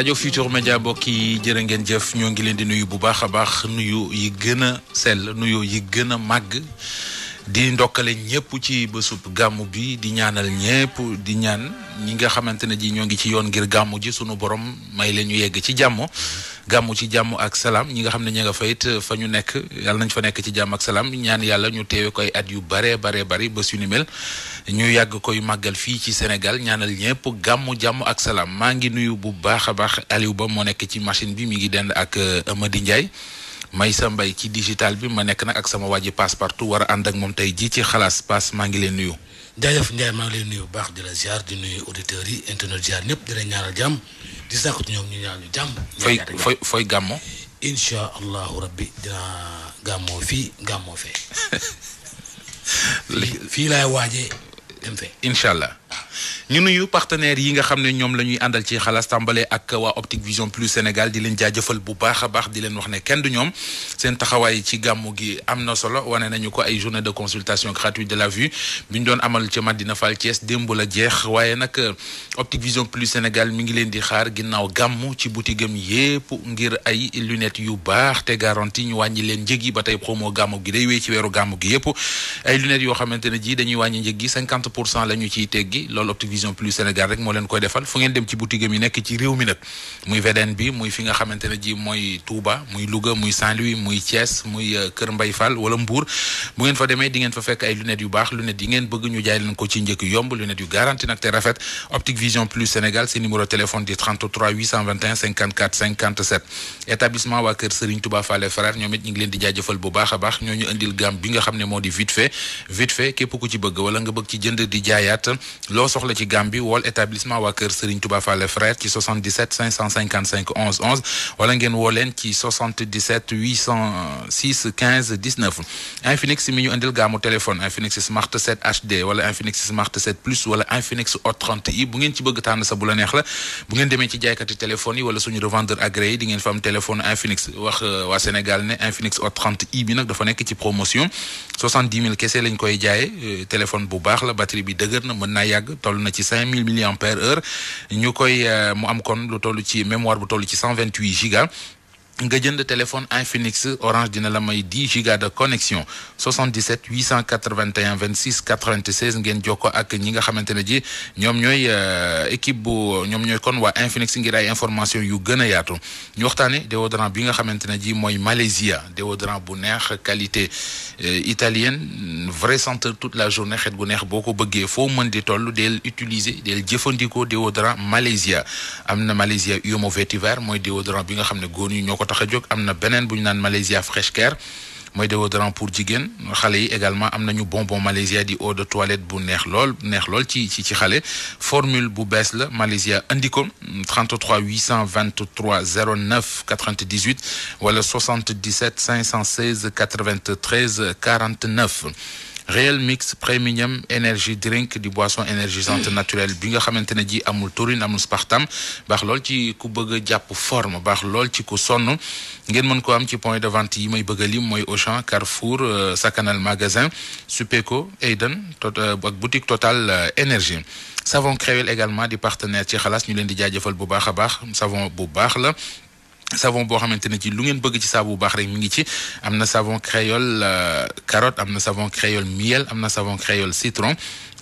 rajo Futur Media mbokk yi jërë ngeen jëf ñoo ngi leen di nuyu bu baax a baax nuyu yi gën a sell nuyu yi gën a màgg di ndokkale ñëpp ci bésub gàmm bi di ñaanal ñëpp di ñaan ñi nga xamante ne ji ñoo ngi ci yoon ngir gàmm ji sunu borom may leen ñu yegg ci jàmm. gàmmu ci jàmm ak salaam ñi nga xam ne ña nga fayit euh, fa ñu nekk yàlla nañ fa nekk ci jàmm ak salaam ñaan yàlla ñu teewe koy at yu bare bare bari ba su ni mel ñu yàgg koy màggal fii ci Sénégal ñaanal ñëpp gàmmu jàmm ak salaam maa ngi nuyu bu baax a baax Aliou Ba moo nekk ci machine bi mi ngi dend ak euh, Amady Ndiaye may sa mbay ci digital bi ma nekk nag ak sama waa ji passe partout war a ànd ak moom tey ji ci xalaas pass maa ngi leen nuyu jaajëf Ndiaye maa ngi lay nuyu bu baax di la ziar di nuyu auditeurs yi internet ziar ñëpp di la jàmm di sàkku ci ñoom ñu ñaan ñu jàmm. fooy fooy fooy gàmmo. incha allahu rabbi dinaa gàmmoo fii gàmmoo fee. fii laay waaje dem fee. incha allah. ñu nuyu partenaires yi nga xam ne ñoom la ñuy àndal ci xalaas tàmbale ak waa Optic Vision Plus Sénégal di leen jaajëfal bu baax a baax di leen wax ne kenn du ñoom seen taxawaay ci gàmmu gi am na solo wane nañu ko ay journée de consultation gratuite de la vue bi ñu doon amal ci Madina Fall Thiès démb la jeex waaye nag Optic Vision Plus Sénégal mi ngi leen di xaar ginnaaw gàmmu ci boutique am yépp ngir ay lunettes yu baax te garantie ñu wàññi leen njëg yi ba tey promo gàmmu gi day wéy ci weeru gàmmu gi yépp ay yoo xamante ne ji dañuy wàññi njëg gi 50 pour cent la ñu ciy teggi yi loolu Optivision Plus Sénégal rek moo leen koy defal fu ngeen dem ci boutique mi nekk ci réew mi muy VDN bi muy fi nga xamante ne ji mooy Touba muy Louga muy Saint-Louis muy Thiès muy euh, Kër Mbay Fall wala Mbour bu ngeen fa demee di ngeen fa fekk ay lunettes yu baax lunettes yi ngeen bëgg ñu jaay leen ko ci njëkk yomb lunettes yu garanti nag te rafet Optique Vision Plus Sénégal si numéro téléphone di 33 821 54 57 établissement waa Kër Serigne Touba ñu ngi leen di jaajëfal bu baax a baax ñoo ñu indil gamme bi nga xam ne wala nga bëgg ci jënd di jaayaat loo soxla ci Gambie wool établissement waa kër Serigne Touba Fall frère ci 77 555 11 wala ngeen woo ci i bu ngeen ci bëgg tànn sa bu la neex la bu ngeen demee ci jaaykati téléphone yi wala suñu revendeur agréé di ngeen fa téléphone euh, i bi nag dafa nekk ci promotion kese lañ koy jaayee euh, téléphone bu baax la batterie bi dëgër na mën naa yàgg yàgg toll na ci cinq mille milliampères heure ñu koy euh, mu am kon lu toll ci mémoire bu toll ci cent vingt huit giga nga jënd téléphone Infinix Orange dina la may 10 giga de connexion 77 881 26 96 ngeen jokkoo ak ñi nga xamante ne ji ñoom ñooy euh, équipe bu ñoom ñooy kon waa Infinix ngir ay information yu gën a yaatu ñu waxtaane déodorant bi nga xamante ne ji mooy Malaysia déodorant bu neex qualité euh, italienne vrai senteur toute la journée xet gu neex boo ko bëggee foo mën di toll del utiliser del jëfandikoo déodorant Malaysia am na Malaysia Uomo Vetiver mooy déodorant bi nga xam ne góor ñi ñoo tax jog am na beneen bu ñu naan Malaysia Fresh Care mooy déodorant pour jigéen xale yi également am nañu bonbon Malaysia di eau de toilette bu neex lool neex lool ci ci ci xale formule bu bees la Malaysia indi ko 33 823 09 98 wala 77 516 93 49. Real Mix Premium Energy Drink di boisson énergisante mm. naturelle bi nga xamante ne ji amul taurine amul spartam baax lool ci ku bëgg jàpp forme baax lool ci ku sonn ngeen mën ko am ci point de vente yi may bëgg a lim mooy Auchan Carrefour euh, Sakanal magasin Supéco Eden euh, ak boutique Total euh, Énergie savon Créole également di partenaire ci xalaas ñu leen di jaajëfal bu baax a baax savon bu baax la savon boo xamante ne ci lu ngeen bëgg ci saabu bu baax rek mi ngi ci am na savon créole euh, carotte am na savon créole miel am na savon créole citron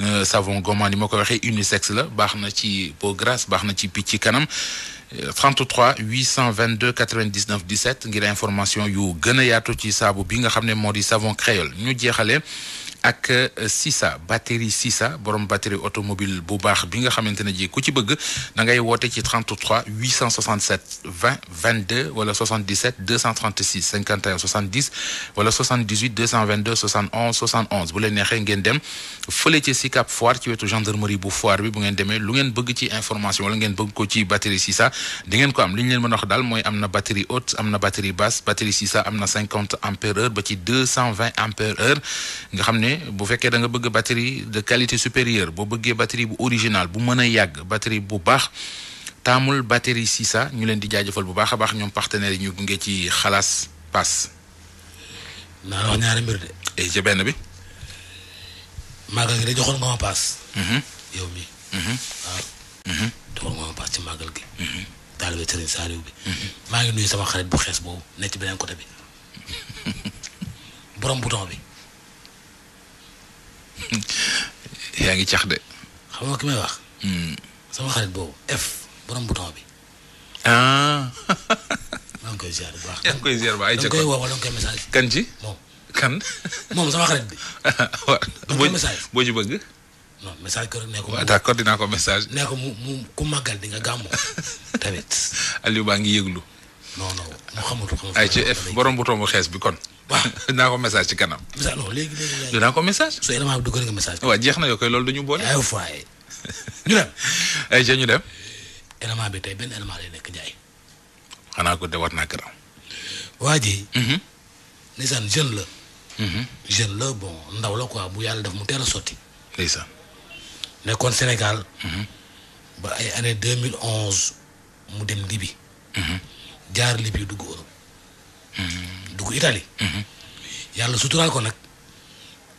euh, savon gommane yi ma ko waxee unisexe la baax na ci peau grasse baax na ci picc kanam vingt 33 822 99 17 ngir information yu gën a yaatu ci saabu bi nga xam ne moo di savon créole ñu jeexalee ak euh, Sisa batterie Sisa borom batterie automobile bu baax bi nga xamante ne ji ku ci bëgg da ngay woote ci 33 867 20 22 wala 77 236 51 70 wala 78 222 71 71 bu leen neexee ngeen dem fële ci Sicap Foire ci wetu gendarmerie bu Foire bi bu ngeen demee lu ngeen bëgg ci information wala ngeen bëgg ci batterie Sisa di ko am li ñu leen mën a daal mooy am na batterie haute am na batterie basse batterie Sisa am na 50 bu fekkee danga nga bëgg batterie de qualité supérieure boo bëggee batterie bu original bu mën a yàgg batterie bu baax taamul batterie Sisa ñu leen di jaajëfal bu baax a baax ñoom partenaires yi ñu gunge ci xalaas paas. naa wax ñaari mbir de. et eh, ci benn bi. màggal gi de joxoon nga paas. Mhm. yow mi waaw. Mhm. Ah. Mhm. joxoon ci màggal gi. taalibe Serigne bi. maa ngi nuyu sama xarit bu xees boobu nekk ci beneen côté bi borom bouton bi. yaa ngi cax de. xam nga ki may wax. Hmm. sama xarit boobu F borom bouton bi. ah. ngi koy ziar bu baax. koy ziar bu baax ay message. kan ci moom. kan. moom sama xarit bi. boo message boo ci bëgg. non message ko rek nee ko. waaw d'accord dinaa message. nee mu mu ku màggal di nga gàmmu. tamit. Aliou baa ngi yëglu. non non mu xamul ay ci F borom bouton bu xees bi kon. waaw dinaa ko message ci kanam. message non léegi léegi. dinaa ko message. su élément bi dugal nga message. waaw jeex na yow koy loolu dañu boole. ay foye ñu dem. Eh, dem. Eh, élément bi tey benn élément lay nekk jaay xanaa ko de war naa këram. waa ji. Mhm. ndeysaan jeune la. Mhm. jeune la bon ndaw la ko bu yàlla def mu teel a sotti. ndeysaan. nekkoon Sénégal. Mhm. ba ay année deux mille onze mu dem Libye. jaar Libye dugg Europe. dugg Italie. Mhm. yàlla suturaal ko nag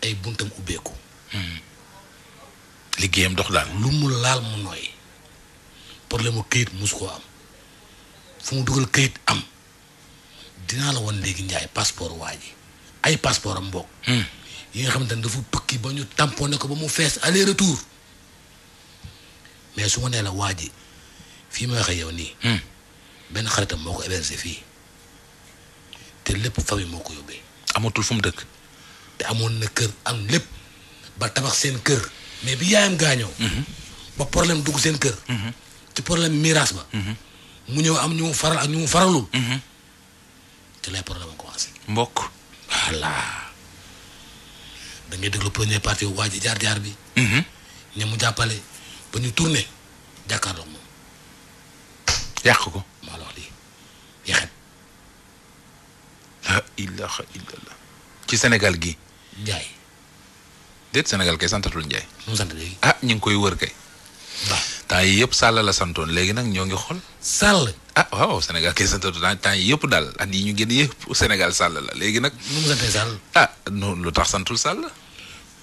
ay buntam ubbeeku. Mhm. liggéeyam dox daal. lu mu laal mu nooy problème mu këyit mosu am fu mu dugal këyit am dinaa la woon léegi njaay passeport waa ay passeport am mbokk. Mhm. yi nga xamante ne dafa tukki ba ñu tamponné ko ba mu fees aller retour mais su ma nee la waa fii ma waxee yow nii. benn xaritam moo ko hébergé fii. te lépp famille moo ko yóbbee. amatul fu mu dëkk. te amoon na kër am lépp ba tabax seen kër. mais bi yaayam gaañoo. Mhm. ba problème dugg seen kër. Mhm. ci problème miraas ba. Mhm. mu ñëw am ñu mu faral ak ñu mu faralul. ci lay problème commencé. mbokk. voilà da ngay déglu première partie waa ji jaar jaar bi. ña jàppale ba ñu tourné jàkkaarloog moom. yàq ko. maa la lii yéexet. la ilaha ci Sénégal gi Njaay déet Sénégal kay santatul Njaay mu sant léegi ah, ñu ngi koy wër kay waaw temps yëpp Sall la santoon léegi nag ñoo ngi xol Sall ah waaw Sénégal kay santatul temps yi yëpp daal at yi ñu génn yëpp Sénégal Sall la léegi nag nu mu santee Sall ah noonu lu tax santul Sall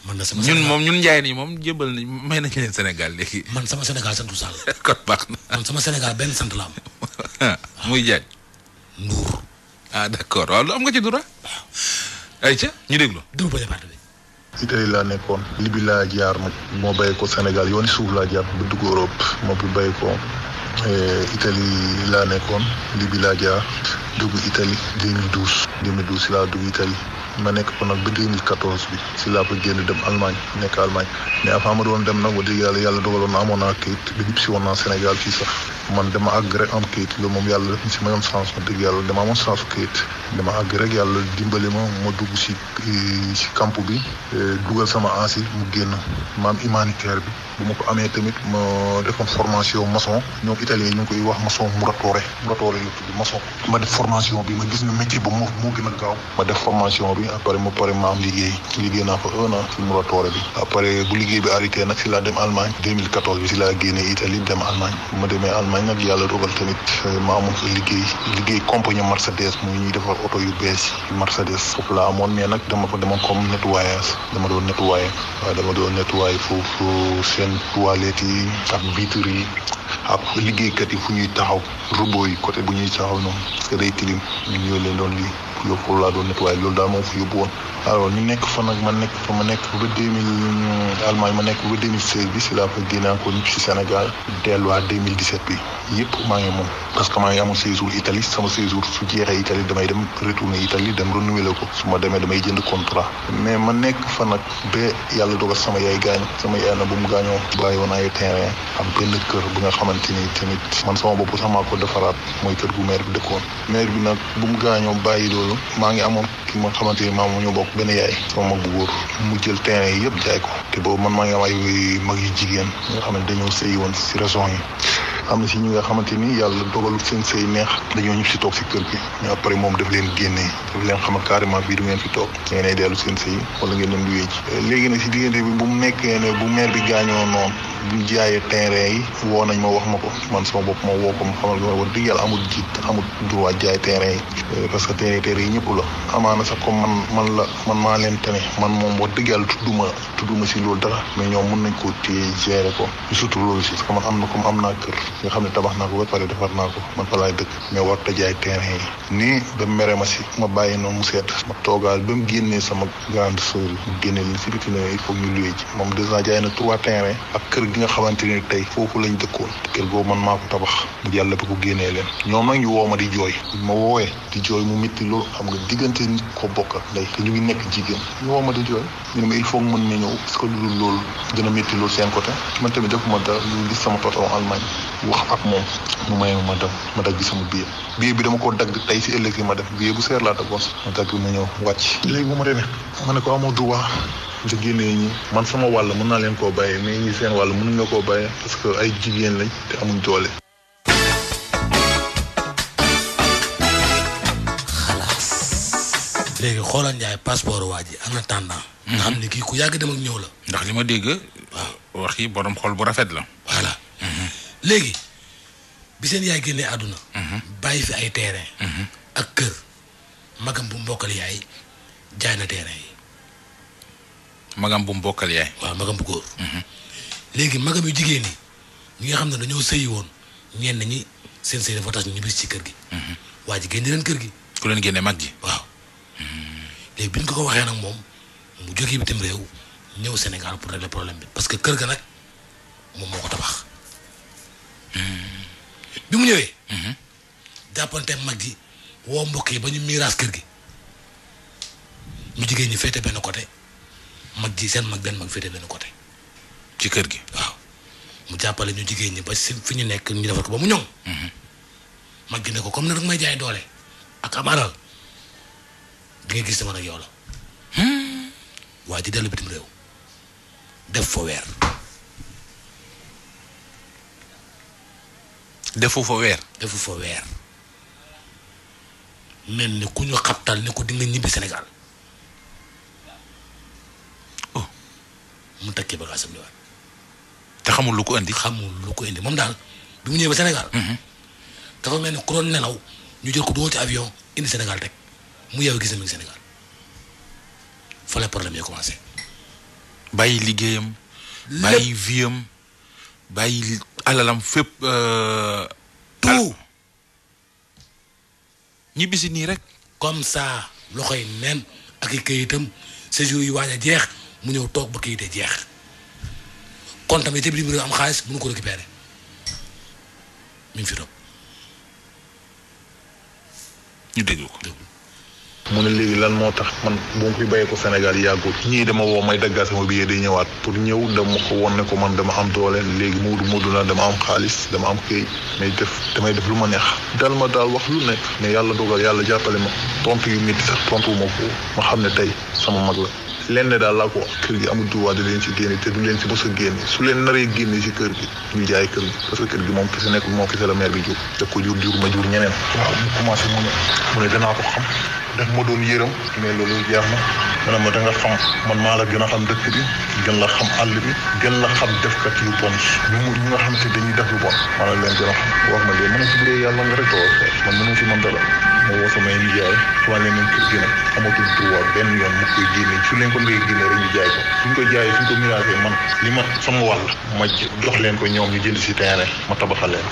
man na sama ñun moom ñun Njaay nii moom jébal nañ may nañ leen Sénégal léegi man sama Sénégal santul Sall kon baax na sama Sénégal benn sant la am muy Njaay Ndour ah d' accord waaw ah, lu am nga ci droit. waaw ayca ñu déglu. dama bëri parti bi. Italie laa nekkoon. Libi laa jaar nag. moo bàyyi ko Sénégal yooni suuf laa jaar ba dugg Europe moo bi bàyyi ko eh, laa nekkoon Libi laa jaar dugg Italie 2012. 2012 laa dugg Italie. ma nekk fa nag ba 2014 bi si laa fa génn dem Allemagne nekk Allemagne mais avant ma doon dem nag wax dëgg yàlla yàlla dogaloon na amoon naa si mayoon chance wax dëgg yàlla dama amoon ma ma dugg si eh, si camp bi eh, dugal sama ansi mu génn maam humanitaire bi ko amee ma defoon formation maçon ñoom italien ñu ma def formation bi ma gis ne métier ba moo gën a gaaw ma def formation bi mi après mu pare ma liggéey liggéey naa fa un an si moratoore bi après bu liggéey bi arrêté nag si laa dem Allemagne 2014 bi si laa génnee Italie dem Allemagne bu ma demee Allemagne nag yàlla dogal tamit euh, ma amoon fa liggéey liggéey compagnie Mercedes muy ñuy defar oto yu bees yi Mercedes foofu laa amoon mais nag dama fa demoon comme nettoyage dama doon nettoyer waaw dama doon nettoyer foofu seen toilette yi ak vitres yi ak liggéeykat yi fu ñuy taxaw robot yi côté bu ñuy taxaw noonu parce que day tilim ñun ñoo yóbbu pour laa doon nettoyé loolu daal moo fa yóbbu woon alors ñu nekk fa nag ma nekk fa ma nekk ba ma ngi moom séjour Italie sama séjour su jeexee Italie damay dem retourner Italie dem renouveler ko damay jënd contrat mais ma nekk fa nag ba yàlla dogal sama yaay gaañ sama yaay na bu mu gaañoo bàyyi woon ay terrain benn kër bu nga xamante ni tamit man sama bopp sax ko defaraat mooy kër gu maire bi dëkkoon maire bi nag bu mu gaañoo bàyyi loolu maa ngi amoon ki ma xamante ni maam ñoo bokk benn yaay sama mag bu góor mu jël terrain yi yëpp jaay ko te boobu man maa ngi am ay mag yu jigéen nga xam ne dañoo sëyi woon si raison yi am na si ñu nga xamante ni yàlla dogalut seen sëy neex dañoo ñëpp si toog si kër gi mais après moom daf leen génne daf leen xamal carrément bii du ngeen fi toog ngeen ay dellu seen sëy wala ngeen leen luyee ci léegi nag si diggante bi bu mu nekkee ne bu meer bi gaañoo noonu ñu jaayee terrain yi woo nañ ma wax ma ko man sama bopp ma woo ko ma xamal ko wax dëgg yàlla amul jiit amul droit jaay terrain yi euh, parce que terrain yi ñëpp la amaana sax comme man man la man maa leen tane man moom wax dëgg yàlla tudduma tudduma si loolu dara mais ñoom mën nañ ko téye gérer ko surtout loolu si parce que man am na comme am naa kër nga xam ne tabax naa ko ba pare defar naa ko man fa laay dëkk mais warta jaay terrain yi nii ba mere ma si ma bàyyi noonu mu seet ma toogaal ba mu génnee sama grande sœur génne si biti ne il faut ñu luwee ji moom deux ans jaay na trois terrain ak gi nga xamante ne tey foofu lañ dëkkoon kër googu man maa ko tabax mu yàlla bi ko génnee leen ñoom nag ñu woo ma di jooy ma woowee di jooy mu métti loolu xam nga diggante nit ko bokk ndey te ñu ngi nekk jigéen ñu woo ma di jooy ñu ne ma il faut mën na ñëw parce que loolu dina métti loolu seen côté man tamit defuma dara ñu gis sama patron Allemagne wax ak moom mu may ma dem ma dagg sama billet billet bi dama koo dagg tey si ëllëg yi ma def billet bu seer laa daggoon ma dagg ma ñëw wàcc. léegi bu ma demee ma ne ko amoo droit nga génnee ñi man sama wàll mën naa leen koo bàyyee mais ñi seen wàll mënuñ la koo bàyyee parce que ay jigéen lañ te amuñ doole. xalaas. léegi xoolal Ndiaye passeport waa ji en attendant. Hmm. nga xam ne kii ku yàgg dem ñëw la. ndax li ma dégg. waaw wax yi borom xol bu rafet la. léegi bi seen yaay génnee àdduna. Mhm. bàyyi fi ay terrain. Mhm. ak kër magam bu mbokkal yaay jaay na terrain yi. magam bu mbokkal yaay. waaw magam bu góor. Mhm. léegi magam yu jigéen ñi ñi nga xam ne dañoo sëyi woon ñenn ñi seen sëy dafa tas ñu bis ci kër gi. waa ji génne leen kër gi. ku leen mag ji. waaw léegi bi ñu ko ko waxee nag moom mu jógee bitim réew ñëw senegal pour régler problème bi parce que kër ga nag moom moo ko tabax. bi mu ñëwee. Mhm. jàppante mag ji woo mbokk yi ba ñu miiraas kër gi ñu jigéen ñi féete benn côté mag ji seen mag benn mag féete benn côté. ci kër gi waaw. mu jàppale ñu jigéen ñi ba si fi ñu nekk ñu defar ko ba mu ñoŋ. Mhm. mag gi ne ko comme nag may jaay doole ak am alal di nga gis sama nag yow la. Hmm. waa di dellu bitim réew def fa weer. defu fa weer. defu fa weer mel ni ku ñu xabtal ne ko di ñibbi Sénégal oh mu takkee bagaasam ñëwaat. te xamul lu ko indi. xamul lu ko indi moom daal bi mu ñëwee ba Sénégal. Mm-hmm. dafa mel ni ku doon nelaw ñu jël ko dugal ci avion indi Sénégal teg mu yeewu gis na mi ngi Sénégal fa problème yi commencé. bàyyi liggéeyam. bàyyi vie bàyyi alalam fépp. Euh, tout. ñibbisi nii rek. comme loxo yi nen ak i kayitam séjour yu waaj jeex mu ñëw toog ba kayite jeex kon tamit te bi mu am xaalis mënu ko récupérer mu ngi fi toog. ñu déglu ko. mu ne léegi lan moo tax man bu ma fi bàyyi ko Sénégal yàggul ñii dama woo may daggaa sama billet day ñëwaat pour ñëw dama ko won ne ko man dama am doole léegi muudu muudu la dama am xaalis dama am këy may def damay def lu ma neex dal ma daal wax lu nekk mais yàlla dogal yàlla jàppale ma tontu yu sax tontu ma ko ma xam tey sama la lenn daal laa ko wax kër di leen ci leen ci mos a génne su leen naree génne ci kër gi ñu jaay kër gi parce que kër gi moom kese nekkul moo kese la ko jur jur ma jur ñeneen waaw mu commencé mu ne mu danaa ko xam def ma doon yërëm mais loolu jeex na man ma da xam man maa la gën a xam dëkk bi gën la xam àll bi gën la xam defkat yu bon ñu mu ñu nga xam te dañuy def lu bon maa la leen gën a xam wax ma leen mën a si bu dee yàlla nga rek man mënu si man dara ma woo samay nijaay waa ne nañ kër gi nag benn yoon mu koy génne su leen ko ndee génne rek ñu jaay ko suñ ko jaayee suñ ko miraase man li ma sama wàll ma jox leen ko ñoom ñu jënd si terrain ma tabaxal leen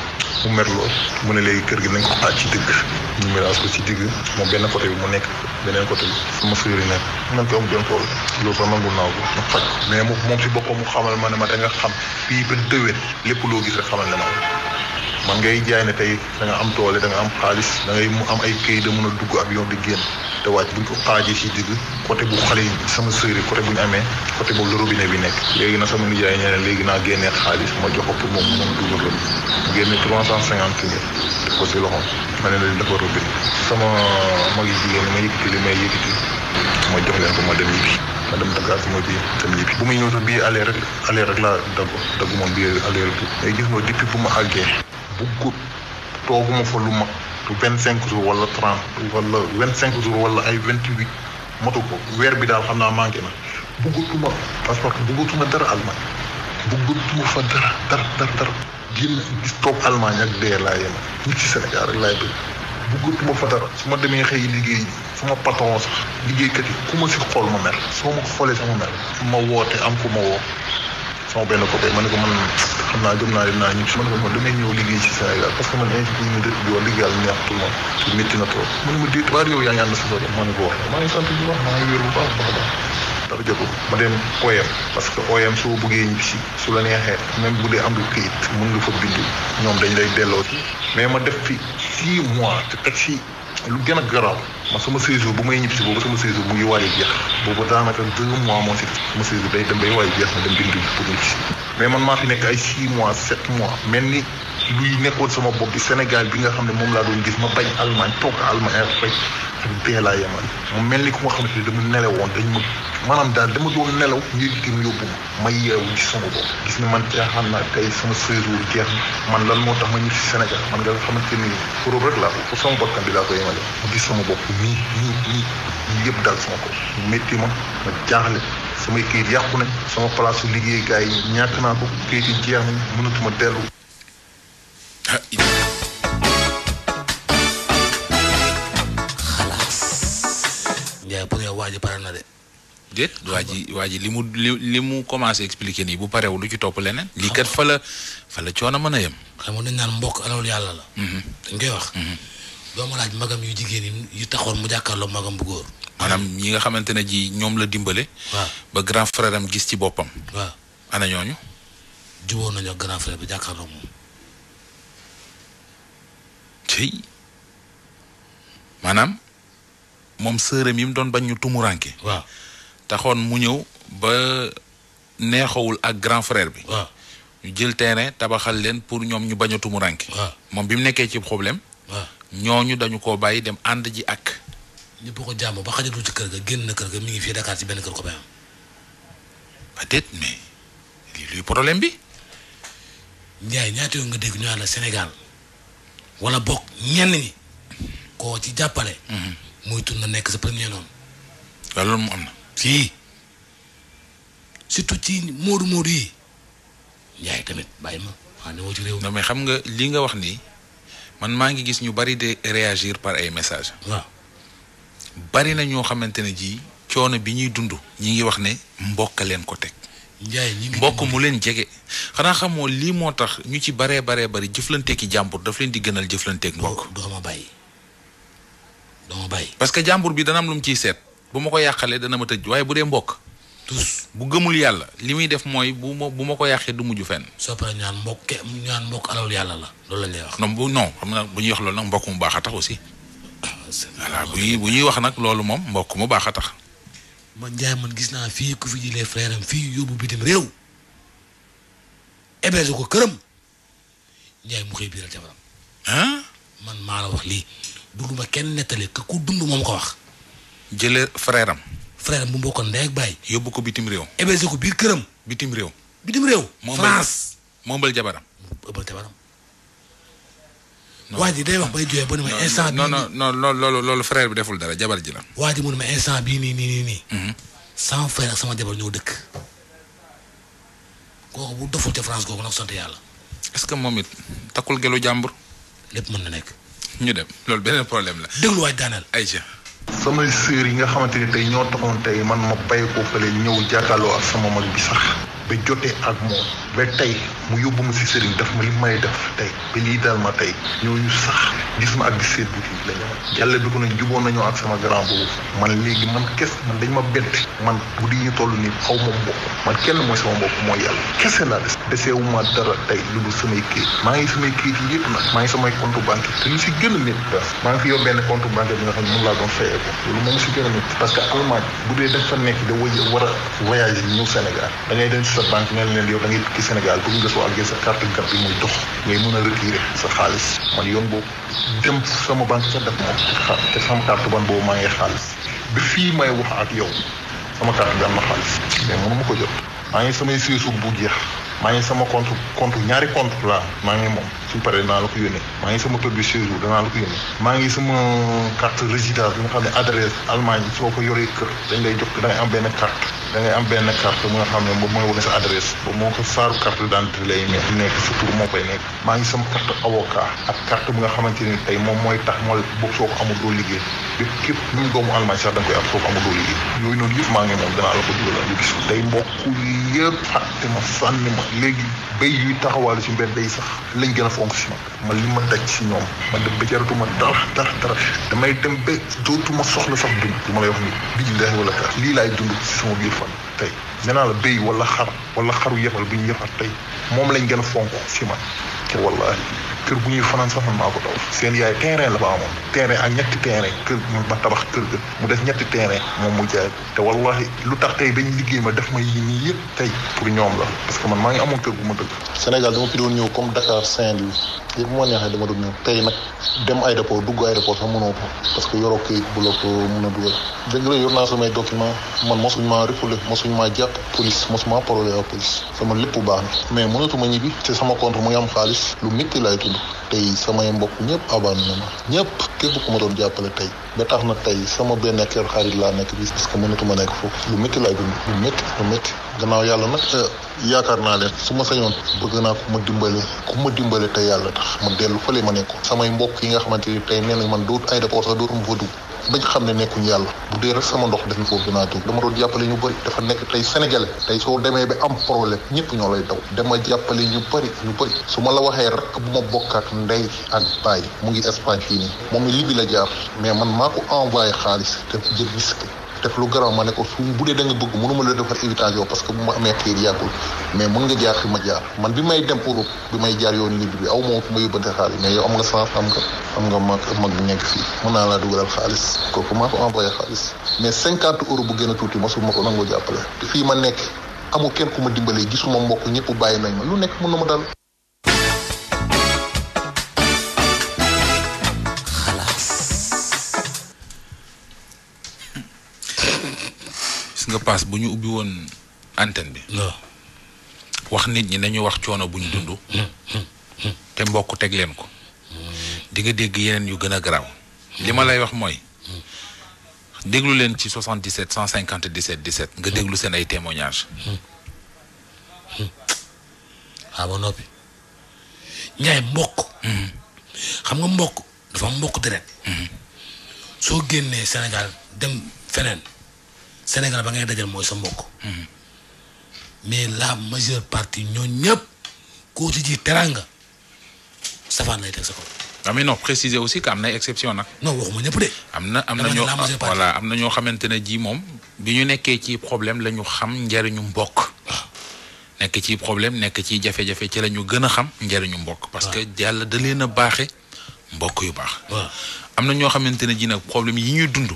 mu merloo mu ne léegi kër gi nañ ko xaaj ci digg mu miraas ko ci digg moom benn côté bi mu nekk beneen côté bi sama sëriñ nag nañ ko am doon tool loolu sax nangul naa ko ma faj mais moom si boppam mu xamal ma ne ma da nga xam fii ba déwén lépp loo gis rek xamal ne man ngay jaay ne tey da nga am toole da nga am xaalis da ngay mu am ay këyit da mën a dugg ak yoon bi génn te wàcc buñ ko xaajee si digg côté bu xale yi sama sœur yi bu ñu amee côté boobu la bi nekk léegi na sama nijaay ñee ne naa génnee xaalis ma jox ko pour moom moom dugal loolu mu génne trois cent ko si loxoom ma ne leen dafa robinet sama mag yi jigéen ñi ma yëkkati li may ma jox leen ko ma dem ñibbi ma dem Dakar sama bi dem ñibbi bu muy ñëw sax bii aller rek aller rek laa dagg dagg moom bii aller rek mais gis nga depuis bu ma àggee buggut tooguma fa lu ma vingt cinq jours wala trente wala vingt cinq jours wala ay vingt huit motu ko weer bi daal xam naa manqué na buggutuma passeport buggutuma dara Allemagne buggutuma fa dara dara dara dara génn gis toog Allemagne ak dee laa yem ñu ci Sénégal rek laay bëgg buggutuma fa dara su ma demee xëy liggéey yi sama patron sax liggéeykat yi ku ma si xool ma mel soo ma xoolee sama mer ma woote am ku ma woo sama benn copain ma ne ko man xam naa gëm naa dinaa naa si ma ne ko man damay ñëw liggéey ci Sénégal parce que man invité ñu dëkk bi woon liggéeyal ma te métti na trop ma ne ma déet ma ne ko wax maa ngi sant bu ma dem OM parce que OM soo bëggee ñibbi si su la neexee même bu dee am lu këyit mën nga fa bindu ñoom dañ lay delloo si mais ma def fi six mois te teg si lu gën a garaaw man sama séjour bu may ñibbisi boobu sama séjour mu ngi waay jeex boobu daanaka deux mois moo si des sama séjour day dem bay waay jeex na dem bindu pour ñibbisi mais man maa fi nekk ay six mois sept mois mel ni luy nekkoon sama bopp bi Sénégal bi nga xam ne moom laa doon gis ma bañ Allemagne toog Allemagne ak faj ak dee laa yemal mu mel ni ku nga xam ne dama nelewoon dañ ma maanaam daal dama doon nelaw ngir itam yóbbu ma yeewu gis sama bopp gis ne man caaxaan naa tey sama séjour jeex na man lan moo tax ma ñëw si Sénégal man nga xamante ni Europe rek laa ko pour sama bakkan bi laa ko yemale ma ma gis sama bopp nii nii nii ñii yëpp daal sama ko mu ma ma jaaxle samay kayit yàqu nañ sama place su yi ñàkk naa ko kayit yi jeex nañ mënatuma dellu xalaas. Ndiaye bu dee waa pare na de. déet waa ji waa ji li mu li li mu commencé expliquer nii bu pareewul lu ci topp leneen. lii kat fa la fa la coono mën a yem. xam nga dañ naan mbokk alalu yàlla la. Mhm. dañ koy wax. Mhm. doo ma laaj magam yu jigéen yi yu taxoon mu jàkkaarloo magam bu góor. maanaam ñi nga xamante ne ji ñoom la dimbale. waaw ba grand frère am gis ci boppam. waaw ana ñooñu. jiwoon nañu ak grand frère bi jàkkaarloo moom. cëy maanaam moom sërëm yi mu doon bañ ñu tumuranke waaw taxoon mu ñëw ba neexawul ak grand frère bi waaw ñu jël terrain tabaxal leen pour ñoom ñu baña a tumuranke moom bi mu nekkee ci problème waaw ñooñu dañu koo bàyyi dem ànd ji ak ñëpp ko jàmm ba xajatul ci kër ga génn na kër ga mi ngi fii Dakar ci benn kër ko ba am peut mais luy problème bi Ndiaye ñaata yoon nga dégg ñu la Sénégal wala bokk ñenn ñi koo ci jàppale. Mhm. muy tur na nekk sa premier noonu. waaw loolu mu am na. fii surtout ci moodu moodu yi Ndiaye tamit bàyyi ma waa ci réew xam nga li nga wax ni man maa ngi gis ñu bari de réagir par ay message bari na ñoo xamante ne ji coono bi ñuy dund. ñi ngi wax ne mbokk leen ko teg. mbokk mu leen jege xanaa xamoo lii moo tax ñu ci baree bare bari jëflanteeki jàmbur daf leen di gënal jëflanteek mbokk doo ma bàyyi doo ma bàyyi parce que jàmbur bi dana am lu mu ciy seet bu ma ko yàqalee dana ma tëj waaye bu dee mbokk bu gëmul yàlla li muy def mooy bu ma bu ma ko yàqee du mujj fen soo ñaan mbokk ñaan mbokk alal yàlla la loolu lañ wax non bu non xam na bu ñuy wax loolu nag mbokk mu baax a tax aussi ah, voilà bu ñuy bu ñuy wax nag loolu moom mbokk mu baax a tax man Ndiaye man gis naa fii ku fi jëlee frère fii yóbbu bitim réew héberge ko këram Ndiaye mu xëy biiral jabaram ah man maa la wax lii du kenn nettale que ku dund moom ko wax. jëlee frère am. frère am bu mbokkoon ndey ak baay. yóbbu ko bitim réew. héberge ko biir këram. bitim réew. bitim réew. France moom moom jabaram. moom jabaram. waa ji day wax bay jooyee ba ni ma instant. bii non non non loolu loolu bi deful dara jabar ji la. waa ji mu ma instant bii nii nii nii nii. Mhm. sama frère ak sama jabar ñoo dëkk. kooku bu doful ca France googu nag sant yàlla. est-ce que moom it takkul gelu jàmbur. lépp mën na nekk. ñu dem loolu beneen problème la. déglu waaj daaneel Aïcha. samay sœur yi nga xamante ni tey ñoo taxoon tey man ma bay ko fële ñëw jàkkaarloo ak sama mag bi sax. ba jotee ak moom. ba tey mu yóbbu ma si sëriñ daf ma li may def tey ba lii dal ma tey ñooñu sax gis ma ak di seet boutique la ñu yàlla bi ko juboo nañoo ak sama grand boobu man léegi man kes man dañ ma bett man di ñu toll nii xaw ma bopp man kenn mooy sama bopp mooy yàlla kese laa des deseewuma dara tey lu dul samay kayit maa ngi samay kayit yi yëpp nag maa ngi samay compte banque te li si gën a nit maa ngi fi yor benn compte banque bi nga xam ne moom laa si gën a nit parce que Allemagne bu dee dafa nekk da war a voyage ñëw Sénégal Sénégal bu ñu la soo àggee sa carte gab bi muy dox ngay mën a retirer sa xaalis man yoon boobu dem sama banque sax def ma te sama carte ban boobu maa ngi xaalis bi fii may wax ak yow sama carte bi am na xaalis mais mënu ma ko jot maa ngi samay siisug bu jeex maa ngi sama compte compte ñaari compte la maa ngi moom suñ paree dinaa la ko yónnee maa ngi sama code de séjour danaa la ko yónnee maa ngi sama carte résidence bi nga xam ne adresse Allemagne soo ko yoree kër dañ lay jox da ngay am benn carte da ngay am benn carte mu nga xam ne moom mooy wane sa adresse boobu moo ko saaru carte xamante ni tey moom mooy tax mooy boobu soo ko amul doo liggéey yëpp képp ñu doomu Allemagne sax da nga koy am soo ko amul doo liggéey yooyu noonu yëpp maa ngi moom danaa la ko dugalal lu gis tey mbokk yëpp fàtte ma sànni ma léegi béy yuy taxawaalu ci mbedd day sax lañ gën fonk si ma li ma daj si ñoom ma dem ba jaratuma dara dara dara damay dem ba ma soxla sax dund li ma lay wax ni billahi wala tax lii laay dund si sama biir fan tey nee naa la béy wala xar wala xaru yefal bu ñu yefal tey moom lañ gën a fonk si man te wallahi kër bu ñuy fanaan sax man maa ko daw seen yaay terrain la ba amoon terrain ak ñetti terrain kër ma tabax kër ga mu def ñetti terrain moom mu jaay te wallahi lu tax tey dañu liggéey ma def ma yi nii yëpp tey pour ñoom la parce que man maa ngi amoon kër bu ma dëkk Sénégal dama fi ñëw comme Dakar Saint-Louis lépp moo neexee dama doon ñëw tey nag dem aéroport dugg aéroport sax mënoo parce que yoroo kayit bu la ko mën a dugal dëgg la yor naa samay document man mosuñ maa ripule mosuñ maa jàpp police mosuma parole ak police sama lépp baax na mais mënatuma ñibbi te sama compte mu ngi am xaalis lu métti laay tudd tey samay mbokk ñëpp abandonné ma ñëpp képp ku ma doon jàppale tey ba tax na tey sama benn kër xarit laa nekk bis parce que mënatuma gannaaw yàlla nag yaakaar naa leen su ma sañoon bëgg naa ku ma dimbale ku ma dimbale tey yàlla tax ma dellu fële ma nekkoon samay mbokk yi nga xamante ni tey nee nañ man doot ay d'accord sax dootuma fa dugg dañ xam ne nekkuñ yàlla bu dee sama ndox def na foofu naa dugg dama doon jàppale ñu bëri dafa nekk tey sénégalais tey soo demee ba am problème ñëpp ñoo lay daw dama jàppale ñu bëri ñu bëri su ma la waxee rek bu ma bokk ak ndey ak baay mu ngi Espagne fii nii moom Libye la jaar mais man maa ko envoyé xaalis te jël risque def lu garaaw ma ne ko su bu dee da nga bëgg mënuma la defal invitation parce que bu ma amee xëy yàggul mais mën nga jaar fi ma jaar man bi may dem Europe bi may jaar yoon libre bi aw ma fu ma yóbbante xaalis mais nekk fii mën naa laa dugalal xaalis kooku maa ko envoyé mais cinquante euro bu gën a tuuti mosul ma ko nangoo jàppale te fii ma nekk amul kenn ku ma dimbalee gisuma mbokk ñëpp bàyyi nañ ma lu nekk mën na ma dal nga paas bu ñu ubbi woon antenne bi. wax nit ñi nañu wax coono bu ñu dund. Mm, mm, mm, te mbokk teg leen ko. di nga dégg yeneen yu gën a garaaw. li ma lay wax mooy. déglu leen ci 77 157 17 nga déglu seen ay témoignages. waaw ah, ba noppi. Ndiaye mbokk. Mm-hmm. xam nga mbokk dafa mbokk deret. Mm-hmm. soo génnee Sénégal dem feneen. Sénégal ba ngay dajal mooy sa mbokk. Hmm. mais la majeure partie ñooñu ñëpp koo ci ji teranga safaan lay teg sa kaw. waaw ah, mais non préciser aussi am na exception nag. non waxuma ñëpp de. am na am na ñoo ah, voilà am na ñoo xamante ne ji moom. bi ñu nekkee ci problème la ñu xam njëriñu mbokk. Ah. nekk ci problème nekk ci jafe-jafe ci la ñu gën a xam njëriñu mbokk. parce que yàlla da leen a baaxee mbokk yu baax. am na ñoo xamante ne ji nag problème yi ñuy dund.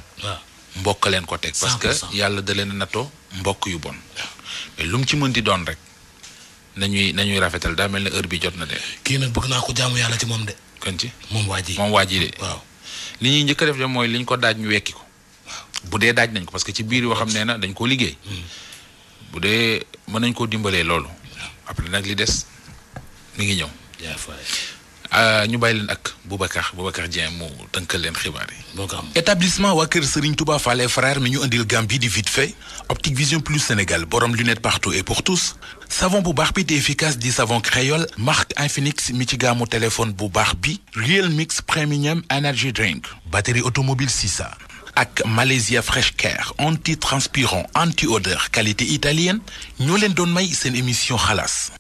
mbokk leen ko teg parce que yàlla da leen natto mbokk yu bon mais lu mu ci mën di doon rek nañuy nañuy rafetal daa mel ne heure bi jot na de kii nag bëgg naa ko jaamu yàlla ci moom de kan ci moom waa ji moom waa ji de waaw li ñuy njëkk def de mooy li ñu ko daaj ñu wekki ko bu dee daaj nañ ko parce que ci biir yoo xam ne na dañ koo liggéey hmm. bu dee mën nañ koo dimbalee loolu après nag li des mu ngi ñëw Euh, ñu bàyyi leen ak Boubacar Boubacar Dieng mu tënkal leen xibaar yi. établissement waa kër Serigne Touba Fall et frères mi ñu indil Gambie di vite fait Optique Vision Plus Sénégal borom lunette partout et pour tous savon bu baax bi te efficace di savon créole marque Infinix mi ci gaamu téléphone bu baax bi Real Mix Premium Energy Drink batterie automobile Sisa ak Malaysia Fresh Care antitranspirant anti odeur qualité italienne ñoo leen doon may seen émission xalaas.